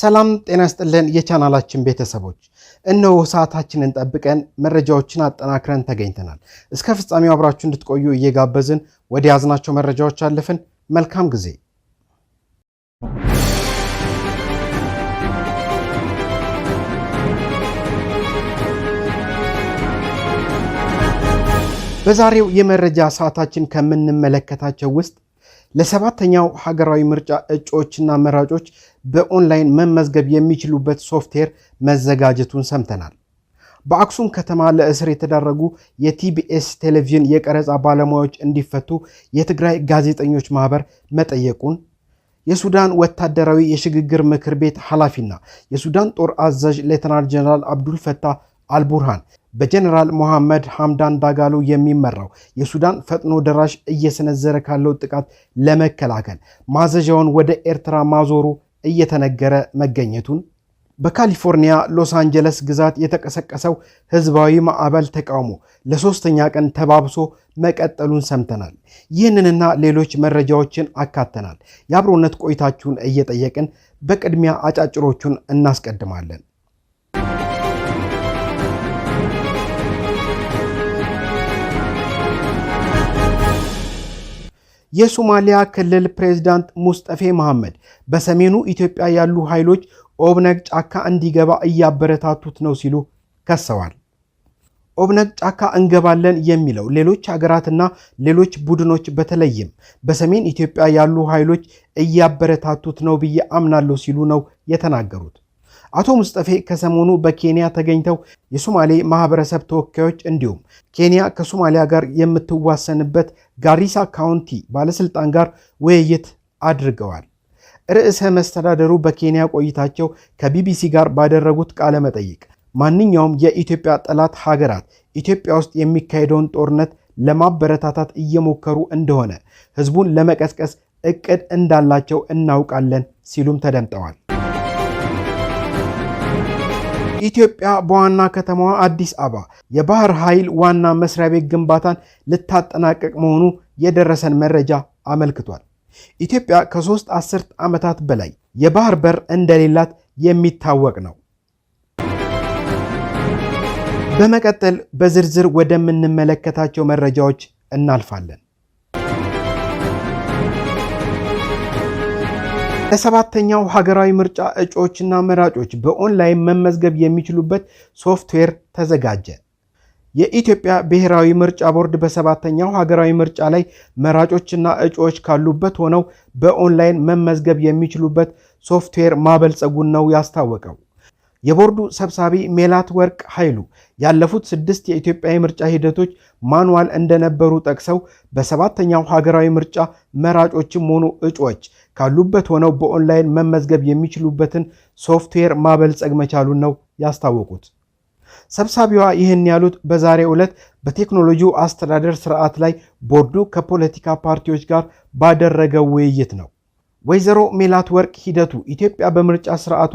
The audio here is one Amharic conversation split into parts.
ሰላም ጤና ይስጥልን የቻናላችን ቤተሰቦች፣ እነሆ ሰዓታችንን ጠብቀን መረጃዎችን አጠናክረን ተገኝተናል። እስከ ፍጻሜው አብራችሁ እንድትቆዩ እየጋበዝን ወደ ያዝናቸው መረጃዎች አለፍን። መልካም ጊዜ። በዛሬው የመረጃ ሰዓታችን ከምንመለከታቸው ውስጥ ለሰባተኛው ሀገራዊ ምርጫ እጩዎችና መራጮች በኦንላይን መመዝገብ የሚችሉበት ሶፍትዌር መዘጋጀቱን ሰምተናል። በአክሱም ከተማ ለእስር የተዳረጉ የቲቢኤስ ቴሌቪዥን የቀረጻ ባለሙያዎች እንዲፈቱ የትግራይ ጋዜጠኞች ማህበር መጠየቁን የሱዳን ወታደራዊ የሽግግር ምክር ቤት ኃላፊና የሱዳን ጦር አዛዥ ሌተናል ጀነራል ፈታ አልቡርሃን በጀነራል ሞሐመድ ሐምዳን ዳጋሎ የሚመራው የሱዳን ፈጥኖ ደራሽ እየሰነዘረ ካለው ጥቃት ለመከላከል ማዘዣውን ወደ ኤርትራ ማዞሩ እየተነገረ መገኘቱን በካሊፎርኒያ ሎስ አንጀለስ ግዛት የተቀሰቀሰው ህዝባዊ ማዕበል ተቃውሞ ለሶስተኛ ቀን ተባብሶ መቀጠሉን ሰምተናል። ይህንንና ሌሎች መረጃዎችን አካተናል። የአብሮነት ቆይታችሁን እየጠየቅን በቅድሚያ አጫጭሮቹን እናስቀድማለን። የሶማሊያ ክልል ፕሬዝዳንት ሙስጠፌ መሐመድ በሰሜኑ ኢትዮጵያ ያሉ ኃይሎች ኦብነግ ጫካ እንዲገባ እያበረታቱት ነው ሲሉ ከሰዋል። ኦብነግ ጫካ እንገባለን የሚለው ሌሎች ሀገራትና ሌሎች ቡድኖች በተለይም በሰሜን ኢትዮጵያ ያሉ ኃይሎች እያበረታቱት ነው ብዬ አምናለሁ ሲሉ ነው የተናገሩት። አቶ ሙስጠፌ ከሰሞኑ በኬንያ ተገኝተው የሶማሌ ማህበረሰብ ተወካዮች እንዲሁም ኬንያ ከሶማሊያ ጋር የምትዋሰንበት ጋሪሳ ካውንቲ ባለስልጣን ጋር ውይይት አድርገዋል። ርዕሰ መስተዳደሩ በኬንያ ቆይታቸው ከቢቢሲ ጋር ባደረጉት ቃለ መጠይቅ ማንኛውም የኢትዮጵያ ጠላት ሀገራት ኢትዮጵያ ውስጥ የሚካሄደውን ጦርነት ለማበረታታት እየሞከሩ እንደሆነ ህዝቡን ለመቀስቀስ እቅድ እንዳላቸው እናውቃለን ሲሉም ተደምጠዋል። ኢትዮጵያ በዋና ከተማዋ አዲስ አበባ የባህር ኃይል ዋና መስሪያ ቤት ግንባታን ልታጠናቀቅ መሆኑ የደረሰን መረጃ አመልክቷል። ኢትዮጵያ ከሶስት አስርት ዓመታት በላይ የባህር በር እንደሌላት የሚታወቅ ነው። በመቀጠል በዝርዝር ወደምንመለከታቸው መረጃዎች እናልፋለን። ለሰባተኛው ሀገራዊ ምርጫ እጩዎችና መራጮች በኦንላይን መመዝገብ የሚችሉበት ሶፍትዌር ተዘጋጀ። የኢትዮጵያ ብሔራዊ ምርጫ ቦርድ በሰባተኛው ሀገራዊ ምርጫ ላይ መራጮችና እጩዎች ካሉበት ሆነው በኦንላይን መመዝገብ የሚችሉበት ሶፍትዌር ማበልጸጉን ነው ያስታወቀው። የቦርዱ ሰብሳቢ ሜላት ወርቅ ኃይሉ ያለፉት ስድስት የኢትዮጵያ ምርጫ ሂደቶች ማንዋል እንደነበሩ ጠቅሰው በሰባተኛው ሀገራዊ ምርጫ መራጮችም ሆኑ እጩዎች ካሉበት ሆነው በኦንላይን መመዝገብ የሚችሉበትን ሶፍትዌር ማበልጸግ መቻሉን ነው ያስታወቁት። ሰብሳቢዋ ይህን ያሉት በዛሬው ዕለት በቴክኖሎጂው አስተዳደር ስርዓት ላይ ቦርዱ ከፖለቲካ ፓርቲዎች ጋር ባደረገው ውይይት ነው። ወይዘሮ ሜላት ወርቅ ሂደቱ ኢትዮጵያ በምርጫ ስርዓቷ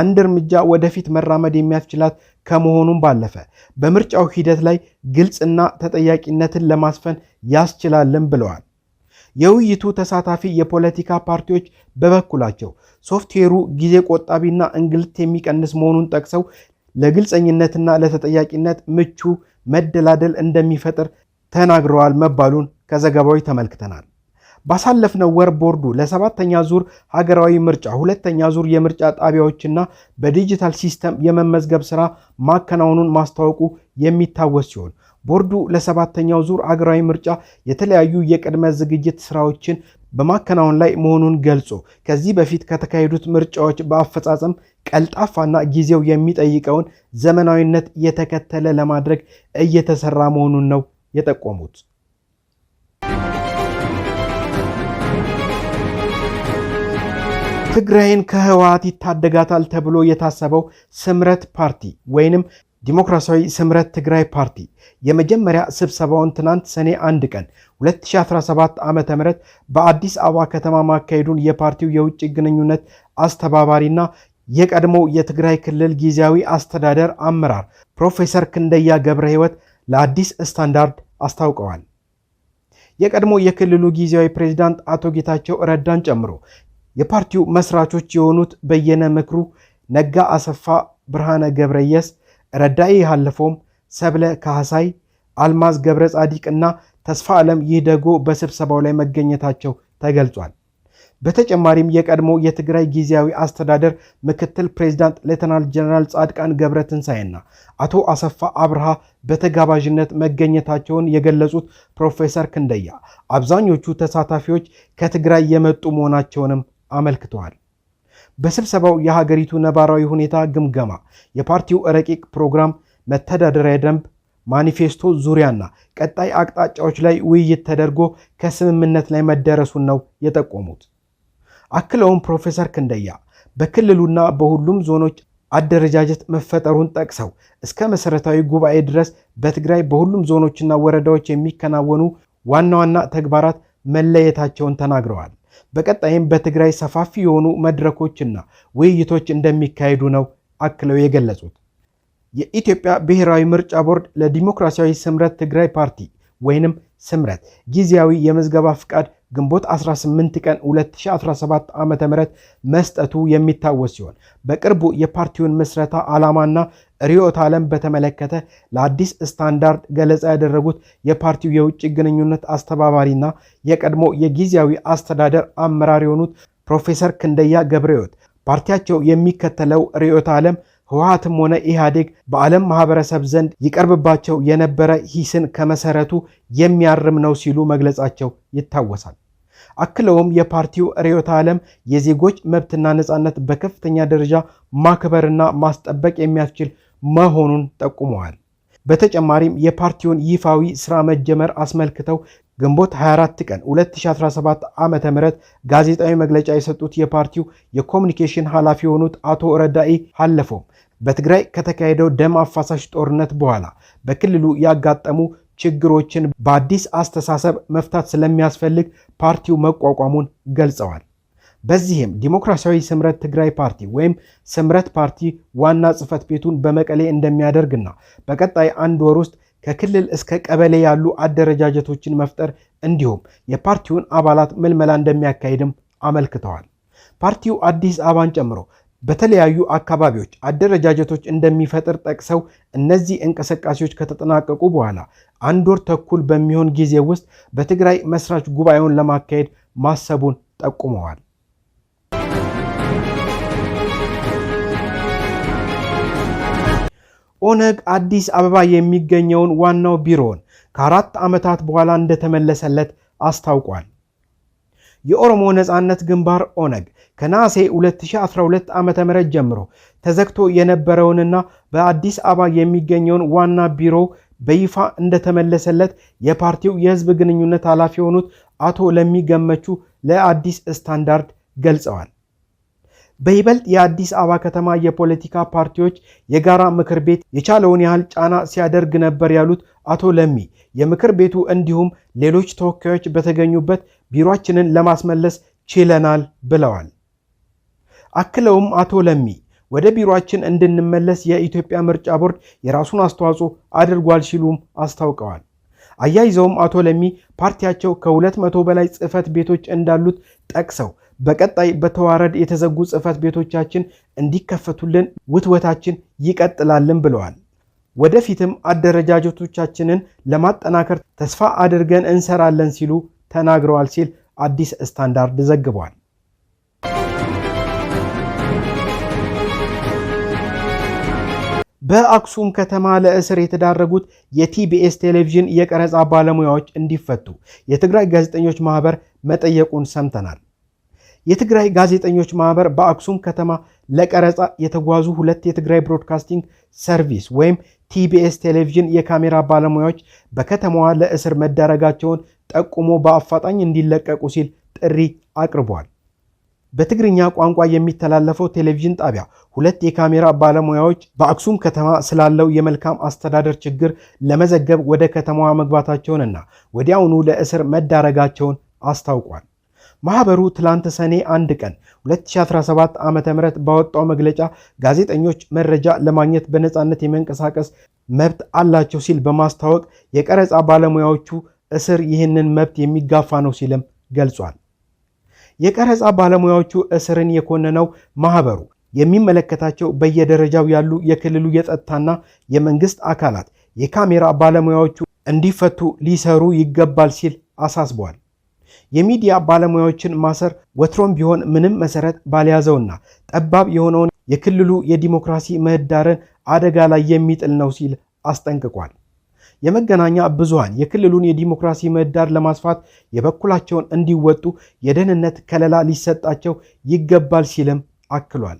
አንድ እርምጃ ወደፊት መራመድ የሚያስችላት ከመሆኑም ባለፈ በምርጫው ሂደት ላይ ግልጽና ተጠያቂነትን ለማስፈን ያስችላልን ብለዋል። የውይይቱ ተሳታፊ የፖለቲካ ፓርቲዎች በበኩላቸው ሶፍትዌሩ ጊዜ ቆጣቢና እንግልት የሚቀንስ መሆኑን ጠቅሰው ለግልጸኝነትና ለተጠያቂነት ምቹ መደላደል እንደሚፈጥር ተናግረዋል መባሉን ከዘገባዎች ተመልክተናል። ባሳለፍነው ወር ቦርዱ ለሰባተኛ ዙር ሀገራዊ ምርጫ ሁለተኛ ዙር የምርጫ ጣቢያዎችና በዲጂታል ሲስተም የመመዝገብ ስራ ማከናወኑን ማስታወቁ የሚታወስ ሲሆን ቦርዱ ለሰባተኛው ዙር አገራዊ ምርጫ የተለያዩ የቅድመ ዝግጅት ስራዎችን በማከናወን ላይ መሆኑን ገልጾ ከዚህ በፊት ከተካሄዱት ምርጫዎች በአፈጻጸም ቀልጣፋና ጊዜው የሚጠይቀውን ዘመናዊነት የተከተለ ለማድረግ እየተሰራ መሆኑን ነው የጠቆሙት። ትግራይን ከህወሓት ይታደጋታል ተብሎ የታሰበው ስምረት ፓርቲ ወይንም ዲሞክራሲያዊ ስምረት ትግራይ ፓርቲ የመጀመሪያ ስብሰባውን ትናንት ሰኔ አንድ ቀን 2017 ዓ ም በአዲስ አበባ ከተማ ማካሄዱን የፓርቲው የውጭ ግንኙነት አስተባባሪና የቀድሞ የትግራይ ክልል ጊዜያዊ አስተዳደር አመራር ፕሮፌሰር ክንደያ ገብረ ሕይወት ለአዲስ ስታንዳርድ አስታውቀዋል። የቀድሞ የክልሉ ጊዜያዊ ፕሬዚዳንት አቶ ጌታቸው ረዳን ጨምሮ የፓርቲው መስራቾች የሆኑት በየነ ምክሩ፣ ነጋ አሰፋ፣ ብርሃነ ገብረየስ ረዳይ ያለፈውም፣ ሰብለ ካህሳይ፣ አልማዝ ገብረ ጻዲቅ እና ተስፋ ዓለም ይህ ደጎ በስብሰባው ላይ መገኘታቸው ተገልጿል። በተጨማሪም የቀድሞ የትግራይ ጊዜያዊ አስተዳደር ምክትል ፕሬዚዳንት ሌተናል ጀነራል ጻድቃን ገብረ ትንሣኤና አቶ አሰፋ አብርሃ በተጋባዥነት መገኘታቸውን የገለጹት ፕሮፌሰር ክንደያ አብዛኞቹ ተሳታፊዎች ከትግራይ የመጡ መሆናቸውንም አመልክተዋል። በስብሰባው የሀገሪቱ ነባራዊ ሁኔታ ግምገማ፣ የፓርቲው ረቂቅ ፕሮግራም፣ መተዳደሪያ ደንብ፣ ማኒፌስቶ ዙሪያና ቀጣይ አቅጣጫዎች ላይ ውይይት ተደርጎ ከስምምነት ላይ መደረሱን ነው የጠቆሙት። አክለውም ፕሮፌሰር ክንደያ በክልሉና በሁሉም ዞኖች አደረጃጀት መፈጠሩን ጠቅሰው እስከ መሰረታዊ ጉባኤ ድረስ በትግራይ በሁሉም ዞኖችና ወረዳዎች የሚከናወኑ ዋና ዋና ተግባራት መለየታቸውን ተናግረዋል። በቀጣይም በትግራይ ሰፋፊ የሆኑ መድረኮችና ውይይቶች እንደሚካሄዱ ነው አክለው የገለጹት። የኢትዮጵያ ብሔራዊ ምርጫ ቦርድ ለዲሞክራሲያዊ ስምረት ትግራይ ፓርቲ ወይንም ስምረት ጊዜያዊ የምዝገባ ፍቃድ ግንቦት 18 ቀን 2017 ዓ ም መስጠቱ የሚታወስ ሲሆን በቅርቡ የፓርቲውን ምስረታ ዓላማና ርዕዮተ ዓለም በተመለከተ ለአዲስ ስታንዳርድ ገለጻ ያደረጉት የፓርቲው የውጭ ግንኙነት አስተባባሪና የቀድሞ የጊዜያዊ አስተዳደር አመራር የሆኑት ፕሮፌሰር ክንደያ ገብረሕይወት ፓርቲያቸው የሚከተለው ርዕዮተ ዓለም ህወሓትም ሆነ ኢህአዴግ በዓለም ማህበረሰብ ዘንድ ይቀርብባቸው የነበረ ሂስን ከመሰረቱ የሚያርም ነው ሲሉ መግለጻቸው ይታወሳል። አክለውም የፓርቲው ርዕዮተ ዓለም የዜጎች መብትና ነፃነት በከፍተኛ ደረጃ ማክበርና ማስጠበቅ የሚያስችል መሆኑን ጠቁመዋል። በተጨማሪም የፓርቲውን ይፋዊ ስራ መጀመር አስመልክተው ግንቦት 24 ቀን 2017 ዓ.ም ጋዜጣዊ መግለጫ የሰጡት የፓርቲው የኮሚኒኬሽን ኃላፊ የሆኑት አቶ ረዳኢ ሀለፎም በትግራይ ከተካሄደው ደም አፋሳሽ ጦርነት በኋላ በክልሉ ያጋጠሙ ችግሮችን በአዲስ አስተሳሰብ መፍታት ስለሚያስፈልግ ፓርቲው መቋቋሙን ገልጸዋል። በዚህም ዲሞክራሲያዊ ስምረት ትግራይ ፓርቲ ወይም ስምረት ፓርቲ ዋና ጽህፈት ቤቱን በመቀሌ እንደሚያደርግና በቀጣይ አንድ ወር ውስጥ ከክልል እስከ ቀበሌ ያሉ አደረጃጀቶችን መፍጠር እንዲሁም የፓርቲውን አባላት ምልመላ እንደሚያካሄድም አመልክተዋል። ፓርቲው አዲስ አበባን ጨምሮ በተለያዩ አካባቢዎች አደረጃጀቶች እንደሚፈጥር ጠቅሰው እነዚህ እንቅስቃሴዎች ከተጠናቀቁ በኋላ አንድ ወር ተኩል በሚሆን ጊዜ ውስጥ በትግራይ መስራች ጉባኤውን ለማካሄድ ማሰቡን ጠቁመዋል። ኦነግ አዲስ አበባ የሚገኘውን ዋናው ቢሮውን ከአራት ዓመታት በኋላ እንደተመለሰለት አስታውቋል። የኦሮሞ ነፃነት ግንባር ኦነግ ከነሐሴ 2012 ዓ ም ጀምሮ ተዘግቶ የነበረውንና በአዲስ አበባ የሚገኘውን ዋና ቢሮ በይፋ እንደተመለሰለት የፓርቲው የህዝብ ግንኙነት ኃላፊ የሆኑት አቶ ለሚገመቹ ለአዲስ ስታንዳርድ ገልጸዋል። በይበልጥ የአዲስ አበባ ከተማ የፖለቲካ ፓርቲዎች የጋራ ምክር ቤት የቻለውን ያህል ጫና ሲያደርግ ነበር ያሉት አቶ ለሚ የምክር ቤቱ እንዲሁም ሌሎች ተወካዮች በተገኙበት ቢሮአችንን ለማስመለስ ችለናል ብለዋል። አክለውም አቶ ለሚ ወደ ቢሮአችን እንድንመለስ የኢትዮጵያ ምርጫ ቦርድ የራሱን አስተዋጽኦ አድርጓል ሲሉም አስታውቀዋል። አያይዘውም አቶ ለሚ ፓርቲያቸው ከሁለት መቶ በላይ ጽህፈት ቤቶች እንዳሉት ጠቅሰው በቀጣይ በተዋረድ የተዘጉ ጽህፈት ቤቶቻችን እንዲከፈቱልን ውትወታችን ይቀጥላልን ብለዋል። ወደፊትም አደረጃጀቶቻችንን ለማጠናከር ተስፋ አድርገን እንሰራለን ሲሉ ተናግረዋል ሲል አዲስ ስታንዳርድ ዘግቧል። በአክሱም ከተማ ለእስር የተዳረጉት የቲቢኤስ ቴሌቪዥን የቀረጻ ባለሙያዎች እንዲፈቱ የትግራይ ጋዜጠኞች ማህበር መጠየቁን ሰምተናል። የትግራይ ጋዜጠኞች ማህበር በአክሱም ከተማ ለቀረጻ የተጓዙ ሁለት የትግራይ ብሮድካስቲንግ ሰርቪስ ወይም ቲቢኤስ ቴሌቪዥን የካሜራ ባለሙያዎች በከተማዋ ለእስር መዳረጋቸውን ጠቁሞ በአፋጣኝ እንዲለቀቁ ሲል ጥሪ አቅርቧል። በትግርኛ ቋንቋ የሚተላለፈው ቴሌቪዥን ጣቢያ ሁለት የካሜራ ባለሙያዎች በአክሱም ከተማ ስላለው የመልካም አስተዳደር ችግር ለመዘገብ ወደ ከተማዋ መግባታቸውንና ወዲያውኑ ለእስር መዳረጋቸውን አስታውቋል። ማህበሩ ትላንት ሰኔ አንድ ቀን 2017 ዓ ም ባወጣው መግለጫ ጋዜጠኞች መረጃ ለማግኘት በነፃነት የመንቀሳቀስ መብት አላቸው ሲል በማስታወቅ የቀረጻ ባለሙያዎቹ እስር ይህንን መብት የሚጋፋ ነው ሲልም ገልጿል። የቀረጻ ባለሙያዎቹ እስርን የኮነነው ማህበሩ የሚመለከታቸው በየደረጃው ያሉ የክልሉ የጸጥታና የመንግስት አካላት የካሜራ ባለሙያዎቹ እንዲፈቱ ሊሰሩ ይገባል ሲል አሳስቧል። የሚዲያ ባለሙያዎችን ማሰር ወትሮም ቢሆን ምንም መሰረት ባልያዘውና ጠባብ የሆነውን የክልሉ የዲሞክራሲ ምህዳርን አደጋ ላይ የሚጥል ነው ሲል አስጠንቅቋል። የመገናኛ ብዙሃን የክልሉን የዲሞክራሲ ምህዳር ለማስፋት የበኩላቸውን እንዲወጡ የደህንነት ከለላ ሊሰጣቸው ይገባል ሲልም አክሏል።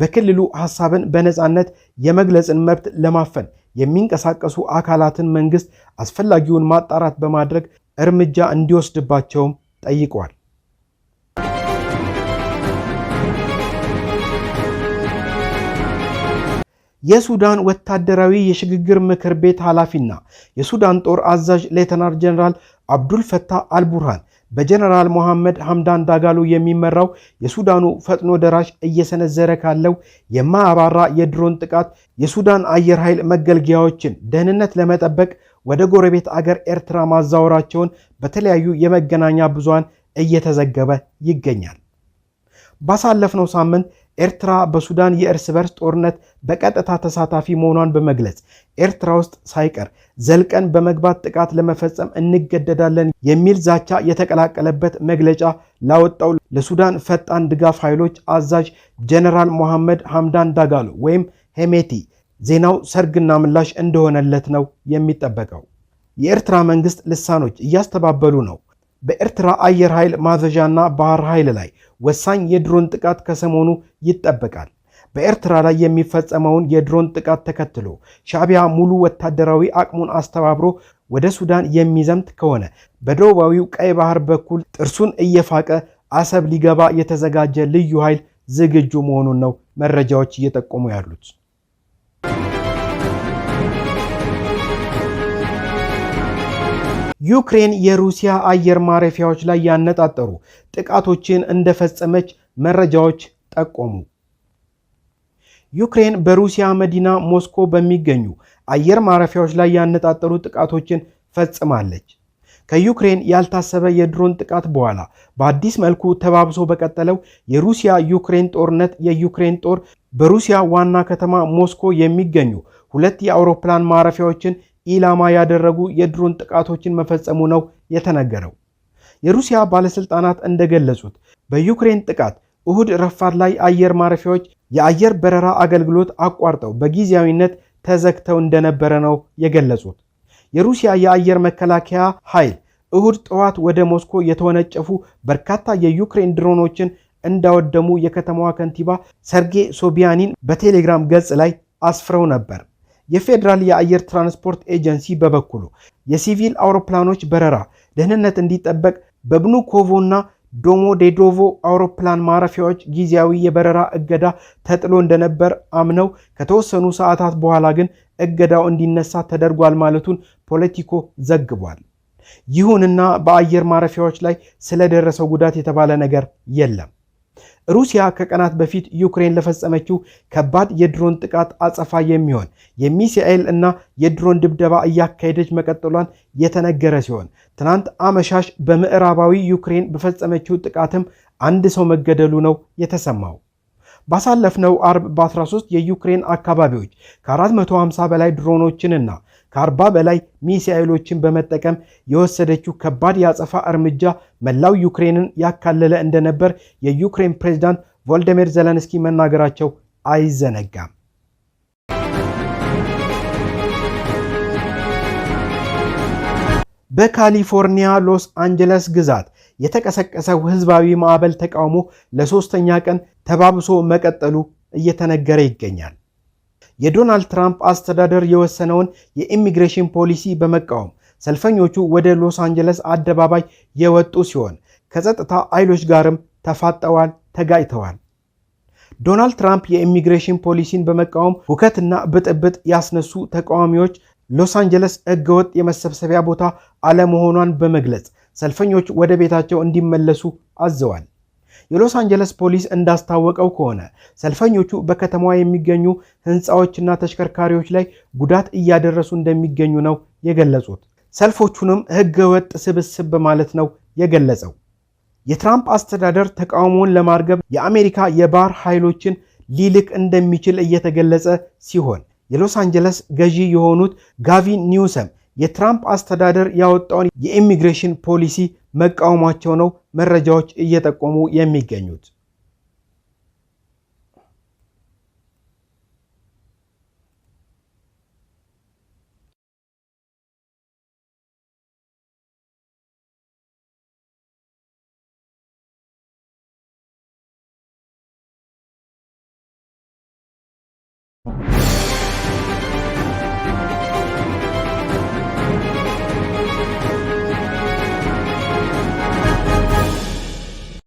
በክልሉ ሐሳብን በነፃነት የመግለጽን መብት ለማፈን የሚንቀሳቀሱ አካላትን መንግስት አስፈላጊውን ማጣራት በማድረግ እርምጃ እንዲወስድባቸውም ጠይቋል። የሱዳን ወታደራዊ የሽግግር ምክር ቤት ኃላፊና የሱዳን ጦር አዛዥ ሌተናር ጀነራል አብዱልፈታ አልቡርሃን በጀነራል ሞሐመድ ሐምዳን ዳጋሎ የሚመራው የሱዳኑ ፈጥኖ ደራሽ እየሰነዘረ ካለው የማያባራ የድሮን ጥቃት የሱዳን አየር ኃይል መገልገያዎችን ደህንነት ለመጠበቅ ወደ ጎረቤት አገር ኤርትራ ማዛወራቸውን በተለያዩ የመገናኛ ብዙሃን እየተዘገበ ይገኛል። ባሳለፍነው ሳምንት ኤርትራ በሱዳን የእርስ በርስ ጦርነት በቀጥታ ተሳታፊ መሆኗን በመግለጽ ኤርትራ ውስጥ ሳይቀር ዘልቀን በመግባት ጥቃት ለመፈጸም እንገደዳለን የሚል ዛቻ የተቀላቀለበት መግለጫ ላወጣው ለሱዳን ፈጣን ድጋፍ ኃይሎች አዛዥ ጀነራል ሞሐመድ ሐምዳን ዳጋሎ ወይም ሄሜቲ ዜናው ሰርግና ምላሽ እንደሆነለት ነው የሚጠበቀው። የኤርትራ መንግስት ልሳኖች እያስተባበሉ ነው። በኤርትራ አየር ኃይል ማዘዣና ባህር ኃይል ላይ ወሳኝ የድሮን ጥቃት ከሰሞኑ ይጠበቃል። በኤርትራ ላይ የሚፈጸመውን የድሮን ጥቃት ተከትሎ ሻዕቢያ ሙሉ ወታደራዊ አቅሙን አስተባብሮ ወደ ሱዳን የሚዘምት ከሆነ በደቡባዊው ቀይ ባህር በኩል ጥርሱን እየፋቀ አሰብ ሊገባ የተዘጋጀ ልዩ ኃይል ዝግጁ መሆኑን ነው መረጃዎች እየጠቆሙ ያሉት። ዩክሬን የሩሲያ አየር ማረፊያዎች ላይ ያነጣጠሩ ጥቃቶችን እንደፈጸመች መረጃዎች ጠቆሙ። ዩክሬን በሩሲያ መዲና ሞስኮ በሚገኙ አየር ማረፊያዎች ላይ ያነጣጠሩ ጥቃቶችን ፈጽማለች። ከዩክሬን ያልታሰበ የድሮን ጥቃት በኋላ በአዲስ መልኩ ተባብሶ በቀጠለው የሩሲያ ዩክሬን ጦርነት የዩክሬን ጦር በሩሲያ ዋና ከተማ ሞስኮ የሚገኙ ሁለት የአውሮፕላን ማረፊያዎችን ኢላማ ያደረጉ የድሮን ጥቃቶችን መፈጸሙ ነው የተነገረው። የሩሲያ ባለሥልጣናት እንደገለጹት በዩክሬን ጥቃት እሁድ ረፋድ ላይ አየር ማረፊያዎች የአየር በረራ አገልግሎት አቋርጠው በጊዜያዊነት ተዘግተው እንደነበረ ነው የገለጹት። የሩሲያ የአየር መከላከያ ኃይል እሁድ ጠዋት ወደ ሞስኮ የተወነጨፉ በርካታ የዩክሬን ድሮኖችን እንዳወደሙ የከተማዋ ከንቲባ ሰርጌ ሶቢያኒን በቴሌግራም ገጽ ላይ አስፍረው ነበር። የፌዴራል የአየር ትራንስፖርት ኤጀንሲ በበኩሉ የሲቪል አውሮፕላኖች በረራ ደህንነት እንዲጠበቅ በብኑኮቮ እና ዶሞ ዴዶቮ አውሮፕላን ማረፊያዎች ጊዜያዊ የበረራ እገዳ ተጥሎ እንደነበር አምነው ከተወሰኑ ሰዓታት በኋላ ግን እገዳው እንዲነሳ ተደርጓል ማለቱን ፖለቲኮ ዘግቧል። ይሁንና በአየር ማረፊያዎች ላይ ስለደረሰው ጉዳት የተባለ ነገር የለም። ሩሲያ ከቀናት በፊት ዩክሬን ለፈጸመችው ከባድ የድሮን ጥቃት አጸፋ የሚሆን የሚሳኤል እና የድሮን ድብደባ እያካሄደች መቀጠሏን የተነገረ ሲሆን ትናንት አመሻሽ በምዕራባዊ ዩክሬን በፈጸመችው ጥቃትም አንድ ሰው መገደሉ ነው የተሰማው። ባሳለፍነው አርብ በ13 የዩክሬን አካባቢዎች ከ450 በላይ ድሮኖችንና ከአርባ በላይ ሚሳኤሎችን በመጠቀም የወሰደችው ከባድ የአጸፋ እርምጃ መላው ዩክሬንን ያካለለ እንደነበር የዩክሬን ፕሬዚዳንት ቮልዲሚር ዘለንስኪ መናገራቸው አይዘነጋም። በካሊፎርኒያ ሎስ አንጀለስ ግዛት የተቀሰቀሰው ህዝባዊ ማዕበል ተቃውሞ ለሶስተኛ ቀን ተባብሶ መቀጠሉ እየተነገረ ይገኛል። የዶናልድ ትራምፕ አስተዳደር የወሰነውን የኢሚግሬሽን ፖሊሲ በመቃወም ሰልፈኞቹ ወደ ሎስ አንጀለስ አደባባይ የወጡ ሲሆን ከጸጥታ ኃይሎች ጋርም ተፋጠዋል፣ ተጋጭተዋል። ዶናልድ ትራምፕ የኢሚግሬሽን ፖሊሲን በመቃወም ሁከትና ብጥብጥ ያስነሱ ተቃዋሚዎች ሎስ አንጀለስ ሕገወጥ የመሰብሰቢያ ቦታ አለመሆኗን በመግለጽ ሰልፈኞች ወደ ቤታቸው እንዲመለሱ አዘዋል። የሎስ አንጀለስ ፖሊስ እንዳስታወቀው ከሆነ ሰልፈኞቹ በከተማዋ የሚገኙ ህንፃዎችና ተሽከርካሪዎች ላይ ጉዳት እያደረሱ እንደሚገኙ ነው የገለጹት። ሰልፎቹንም ህገወጥ ስብስብ በማለት ነው የገለጸው። የትራምፕ አስተዳደር ተቃውሞውን ለማርገብ የአሜሪካ የባህር ኃይሎችን ሊልክ እንደሚችል እየተገለጸ ሲሆን የሎስ አንጀለስ ገዢ የሆኑት ጋቪን ኒውሰም የትራምፕ አስተዳደር ያወጣውን የኢሚግሬሽን ፖሊሲ መቃወማቸው ነው መረጃዎች እየጠቆሙ የሚገኙት።